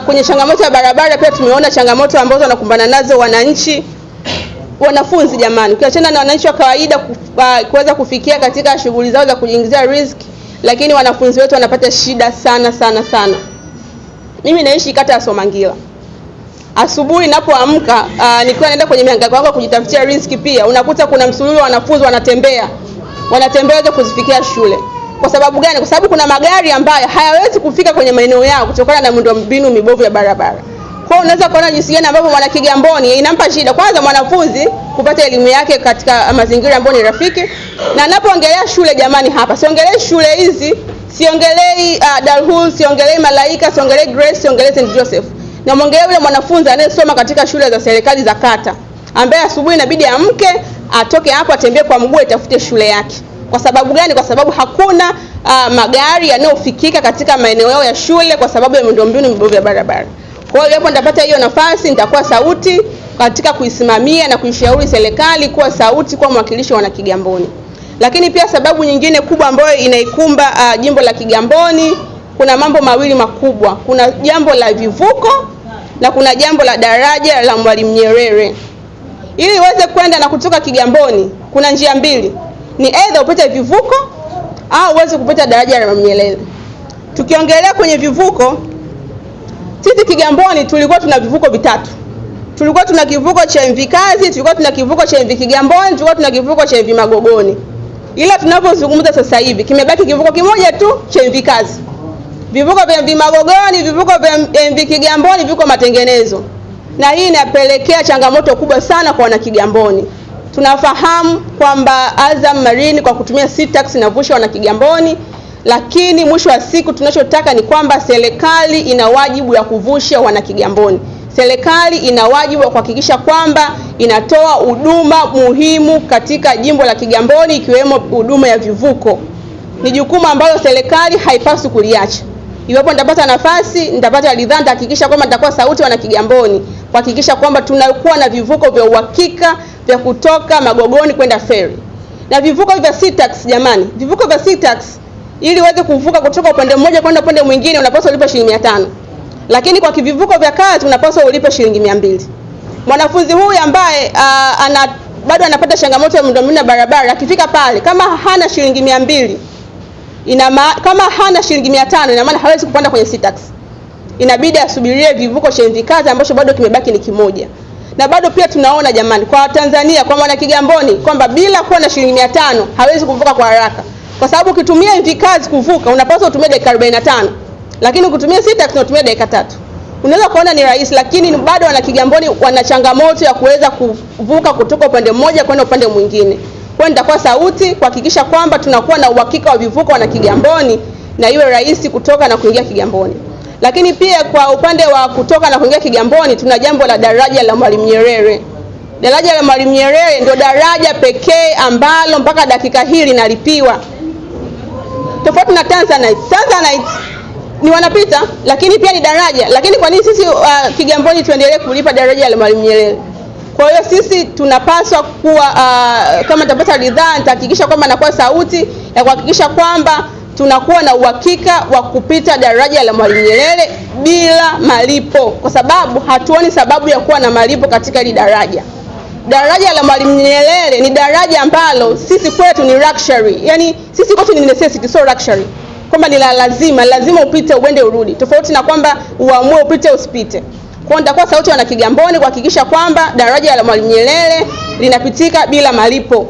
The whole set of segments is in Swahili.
kwenye changamoto ya barabara pia tumeona changamoto ambazo wanakumbana nazo wananchi wanafunzi. Jamani, ukiachana na wananchi wa kawaida kuweza kufikia katika shughuli zao za kujiingizia riziki, lakini wanafunzi wetu wanapata shida sana sana sana. Mimi naishi kata ya Somangila. Asubuhi ninapoamka uh, ah, nikiwa naenda kwenye mihangaiko yangu kujitafutia riziki, pia unakuta kuna msululu wa wanafunzi wanatembea wanatembea kuzifikia shule. Kwa sababu gani? Kwa sababu kuna magari ambayo hayawezi kufika kwenye maeneo yao kutokana na miundombinu mibovu ya barabara. Kwa hiyo unaweza kuona jinsi gani ambavyo mwana Kigamboni inampa shida kwanza mwanafunzi kupata elimu yake katika mazingira ambayo ni rafiki. Na napoongelea shule, jamani, hapa siongelei shule hizi, siongelei uh, Dalhul, siongelei Malaika, siongelei Grace, siongelei St Joseph. Namwongelea yule mwanafunzi anayesoma katika shule za serikali za kata ambaye asubuhi inabidi amke atoke hapo atembee kwa mguu atafute shule yake. Kwa sababu gani? Kwa sababu hakuna uh, magari yanayofikika katika maeneo yao ya shule kwa sababu ya miundombinu mibovu ya barabara. Kwa hiyo hapo nitapata hiyo nafasi, nitakuwa sauti katika kuisimamia na kuishauri serikali kuwa sauti, kwa mwakilishi wa Kigamboni. Lakini pia sababu nyingine kubwa ambayo inaikumba uh, jimbo la Kigamboni, kuna mambo mawili makubwa. Kuna jambo la vivuko na kuna jambo la daraja la Mwalimu Nyerere. Ili uweze kwenda na kutoka Kigamboni kuna njia mbili ni aidha upate vivuko au uweze kupita daraja la Mwalimu Nyerere. Tukiongelea kwenye vivuko, sisi Kigamboni tulikuwa tuna vivuko vitatu. Tulikuwa tuna kivuko cha MV Kazi, tulikuwa tuna kivuko cha MV Kigamboni, tulikuwa tuna kivuko cha MV Magogoni, ila tunapozungumza sasa hivi kimebaki kivuko kimoja tu cha MV Kazi. Vivuko vya MV Magogoni, vivuko vya MV Kigamboni viko matengenezo, na hii inapelekea changamoto kubwa sana kwa wana Kigamboni. Tunafahamu kwamba Azam Marine kwa kutumia sitax inavusha wanakigamboni, lakini mwisho wa siku tunachotaka ni kwamba serikali ina wajibu ya kuvusha wanakigamboni. Serikali ina wajibu wa kuhakikisha kwamba inatoa huduma muhimu katika jimbo la Kigamboni ikiwemo huduma ya vivuko. Ni jukumu ambalo serikali haipaswi kuliacha. Iwapo nitapata nafasi, nitapata ridhaa, nitahakikisha kwamba nitakuwa sauti wana Kigamboni kuhakikisha kwamba tunakuwa na vivuko vya uhakika vya kutoka Magogoni kwenda feri na vivuko vya SITAX. Jamani, vivuko vya SITAX ili uweze kuvuka kutoka upande mmoja kwenda upande mwingine unapaswa ulipe shilingi tano lakini kwa kivivuko vya kati unapaswa ulipe shilingi mbili Mwanafunzi huyu ambaye uh, ana bado anapata changamoto ya miundombinu ya barabara, akifika pale kama hana shilingi mbili ina kama hana shilingi 500 ina maana hawezi kupanda kwenye SITAX inabidi asubirie vivuko shenzi kazi ambacho bado kimebaki ni kimoja. Na bado pia tunaona jamani, kwa Tanzania kwa mwana Kigamboni kwamba bila kuwa na shilingi mia tano hawezi kuvuka kwa haraka, kwa sababu ukitumia Mvikazi kuvuka unapaswa utumie dakika 45 lakini ukitumia sita tunatumia dakika tatu. Unaweza kuona ni rahisi, lakini bado wana Kigamboni wana changamoto ya kuweza kuvuka kutoka upande mmoja kwenda upande mwingine. Kwa nitakuwa sauti kuhakikisha kwamba tunakuwa na uhakika wa vivuko wana Kigamboni na iwe rahisi kutoka na kuingia Kigamboni. Lakini pia kwa upande wa kutoka na kuingia Kigamboni, tuna jambo la daraja la Mwalimu Nyerere. Daraja la Mwalimu Nyerere ndio daraja pekee ambalo mpaka dakika hii linalipiwa, tofauti na Tanzanite. Tanzanite ni wanapita, lakini pia ni daraja. Lakini kwa nini sisi uh, Kigamboni tuendelee kulipa daraja la Mwalimu Nyerere? Kwa hiyo sisi tunapaswa kuwa uh, kama nitapata ridhaa, nitahakikisha kwamba nakuwa sauti ya kuhakikisha kwamba tunakuwa na uhakika wa kupita daraja la Mwalimu Nyerere bila malipo, kwa sababu hatuoni sababu ya kuwa na malipo katika hili daraja. Daraja la Mwalimu Nyerere ni daraja ambalo sisi kwetu ni luxury, yani sisi kwetu ni necessity, so luxury, kwamba ni la lazima, lazima upite uende urudi, tofauti na kwamba uamue upite usipite. Kwa nitakuwa sauti wana Kigamboni kuhakikisha kwamba daraja la Mwalimu Nyerere linapitika bila malipo.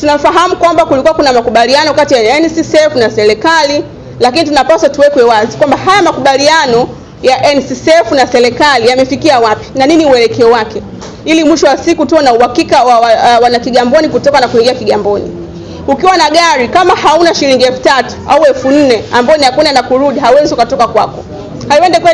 Tunafahamu kwamba kulikuwa kuna makubaliano kati ya NCCF na serikali, lakini tunapaswa tuwekwe wazi kwamba haya makubaliano ya NCCF na serikali yamefikia wapi na nini uelekeo wake, ili mwisho wa siku tuwe na uhakika wa, wa, wa, wana Kigamboni kutoka na kuingia Kigamboni. Ukiwa na gari kama hauna shilingi elfu tatu au elfu nne ambayo ni ya kwenda na kurudi, hawezi ukatoka kwako,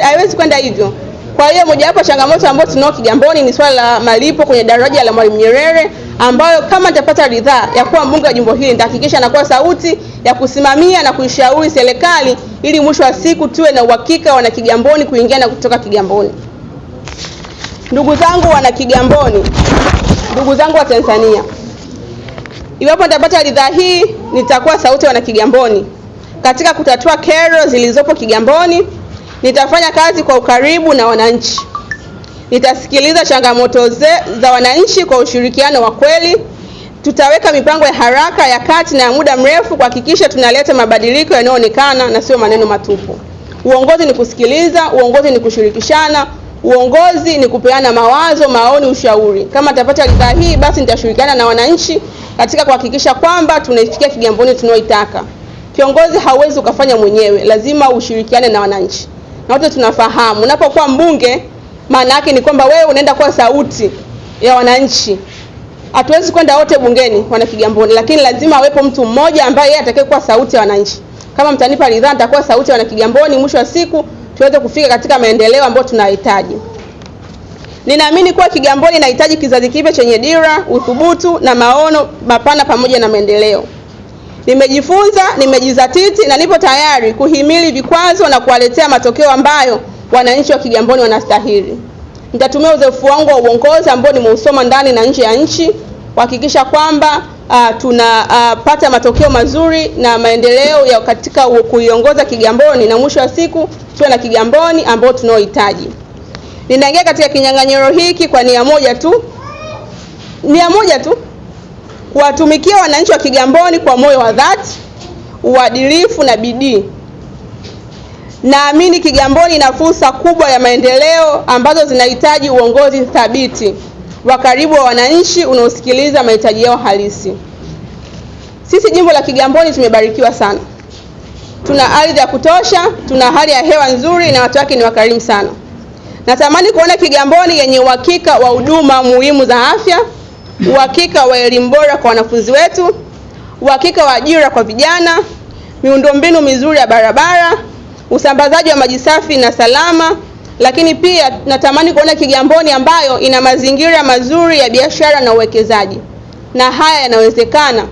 haiwezi kwenda hivyo. Kwa hiyo mojawapo changamoto ambayo tunao Kigamboni ni swala la malipo kwenye daraja la Mwalimu Nyerere, ambayo kama nitapata ridhaa ya kuwa mbunge wa jimbo hili nitahakikisha nakuwa sauti ya kusimamia na kuishauri serikali ili mwisho wa siku tuwe na uhakika wana Kigamboni kuingia na kutoka Kigamboni. Ndugu zangu wana Kigamboni, ndugu zangu wa Tanzania, iwapo nitapata ridhaa hii nitakuwa sauti wana Kigamboni katika kutatua kero zilizopo Kigamboni Nitafanya kazi kwa ukaribu na wananchi. Nitasikiliza changamoto ze, za wananchi kwa ushirikiano wa kweli. Tutaweka mipango ya haraka, ya kati na ya muda mrefu kuhakikisha tunaleta mabadiliko yanayoonekana na sio maneno matupu. Uongozi ni kusikiliza, uongozi ni kushirikishana, uongozi ni kupeana mawazo, maoni, ushauri. Kama tapata ridhaa hii, basi nitashirikiana na wananchi katika kuhakikisha kwamba tunaifikia Kigamboni tunayoitaka. Kiongozi hauwezi ukafanya mwenyewe, lazima ushirikiane na wananchi na wote tunafahamu, unapokuwa mbunge maana yake ni kwamba wewe unaenda kuwa sauti ya wananchi. Hatuwezi kwenda wote bungeni wana Kigamboni, lakini lazima awepo mtu mmoja ambaye yeye atakayekuwa sauti ya wananchi. Kama mtanipa ridhaa, nitakuwa sauti ya wana Kigamboni, mwisho wa siku tuweze kufika katika maendeleo ambayo tunahitaji. Ninaamini kuwa Kigamboni inahitaji kizazi kipya chenye dira, uthubutu na maono mapana pamoja na maendeleo. Nimejifunza, nimejizatiti na nipo tayari kuhimili vikwazo na kuwaletea matokeo ambayo wananchi wa Kigamboni wanastahili. Nitatumia uzoefu wangu wa uongozi ambao nimeusoma ndani na nje ya nchi kuhakikisha kwamba uh, ah, tunapata ah, uh, matokeo mazuri na maendeleo ya katika kuiongoza Kigamboni na mwisho wa siku tuwe na Kigamboni ambao tunaohitaji. Ninaingia katika kinyang'anyiro hiki kwa nia moja tu, nia moja tu kuwatumikia wananchi wa Kigamboni kwa moyo wa dhati, uadilifu na bidii. Naamini Kigamboni ina fursa kubwa ya maendeleo ambazo zinahitaji uongozi thabiti wa karibu wa wananchi unaosikiliza mahitaji yao halisi. Sisi jimbo la Kigamboni tumebarikiwa sana, tuna ardhi ya kutosha, tuna hali ya hewa nzuri na watu wake ni wakarimu sana. Natamani kuona Kigamboni yenye uhakika wa huduma muhimu za afya uhakika wa elimu bora kwa wanafunzi wetu, uhakika wa ajira kwa vijana, miundombinu mizuri ya barabara, usambazaji wa maji safi na salama. Lakini pia natamani kuona Kigamboni ambayo ina mazingira mazuri ya biashara na uwekezaji, na haya yanawezekana.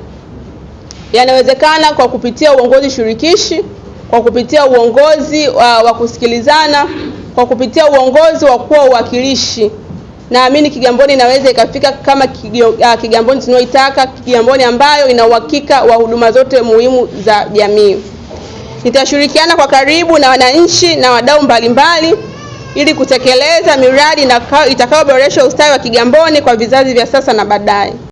Yanawezekana kwa kupitia uongozi shirikishi, kwa kupitia uongozi uh, wa kusikilizana, kwa kupitia uongozi wa kuwa uwakilishi Naamini Kigamboni inaweza ikafika kama ah, Kigamboni tunayoitaka, Kigamboni ambayo ina uhakika wa huduma zote muhimu za jamii. Nitashirikiana kwa karibu na wananchi na wadau mbalimbali ili kutekeleza miradi itakayoboresha ustawi wa Kigamboni kwa vizazi vya sasa na baadaye.